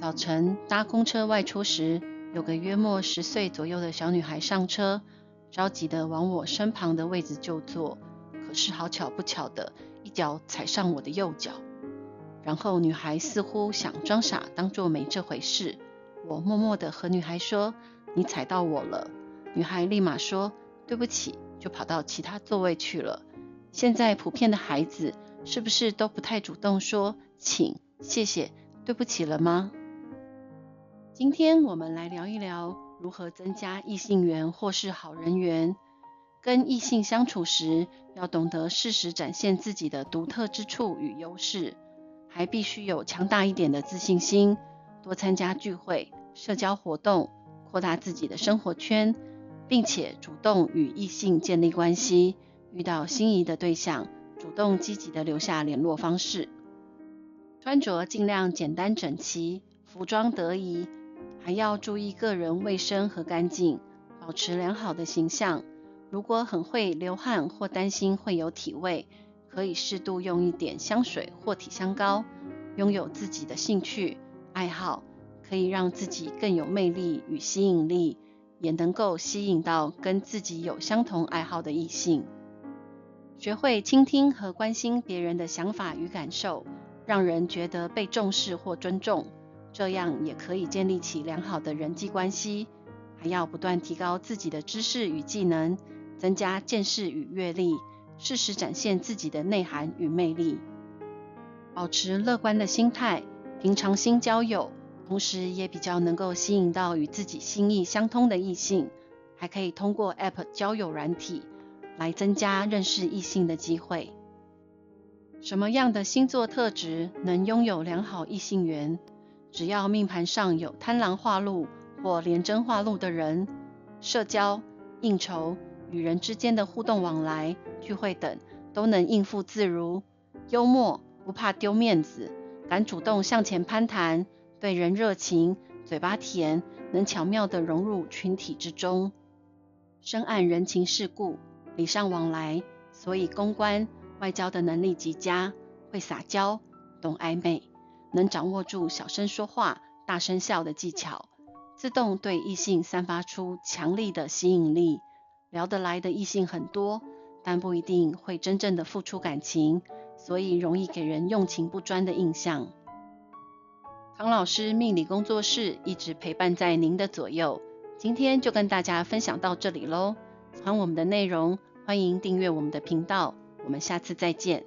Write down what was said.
早晨搭公車外出時，有個約莫十歲左右的小女孩上車，着急的往我身旁的位置就坐，可是好巧不巧的一腳踩上我的右腳。然後女孩似乎想裝傻，當做沒這回事。我默默的和女孩說：“你踩到我了。”女孩立馬說：“對不起”，就跑到其他座位去了。現在普遍的孩子是不是都不太主動說“請”“謝謝”“對不起”了嗎？今天我們來聊一聊如何增加異性緣或是好人緣。跟異性相處時，要懂得適時展現自己的獨特之處與優勢，還必須有強大一點的自信心。多參加聚會、社交活動，擴大自己的生活圈，並且主動與異性建立關係。遇到心儀的對象，主動積極地留下聯絡方式。穿着儘量簡單整齊，服裝得宜。還要注意個人衛生和乾淨，保持良好的形象。如果很會流汗或擔心會有體味，可以適度用一點香水或體香膏。擁有自己的興趣愛好，可以讓自己更有魅力與吸引力，也能夠吸引到跟自己有相同愛好的異性。學會傾聽和關心別人的想法與感受，讓人覺得被重視或尊重。這樣也可以建立起良好的人際關係，還要不斷提高自己的知識與技能，增加見識與閱歷，適時展現自己的內涵與魅力。保持樂觀的心態，平常心交友，同時也比較能夠吸引到與自己心意相通的異性，還可以通過 App 交友軟體來增加認識異性的機會。什麼樣的星座特質能擁有良好異性緣？只要命盤上有貪狼化祿或廉貞化祿的人，社交、應酬、與人之間的互動往來、聚會等，都能應付自如。幽默，不怕丟面子，敢主動向前攀談，對人熱情，嘴巴甜，能巧妙地融入群體之中，深諳人情世故，禮尚往來，所以公關、外交的能力極佳，會撒嬌，懂曖昧。能掌握住小聲說話、大聲笑的技巧，自動對異性散發出強力的吸引力，聊得來的異性很多，但不一定會真正的付出感情，所以容易給人用情不專的印象。唐老師命理工作室一直陪伴在您的左右，今天就跟大家分享到這裡嘍。喜歡我們的內容，歡迎訂閱我們的頻道，我們下次再見。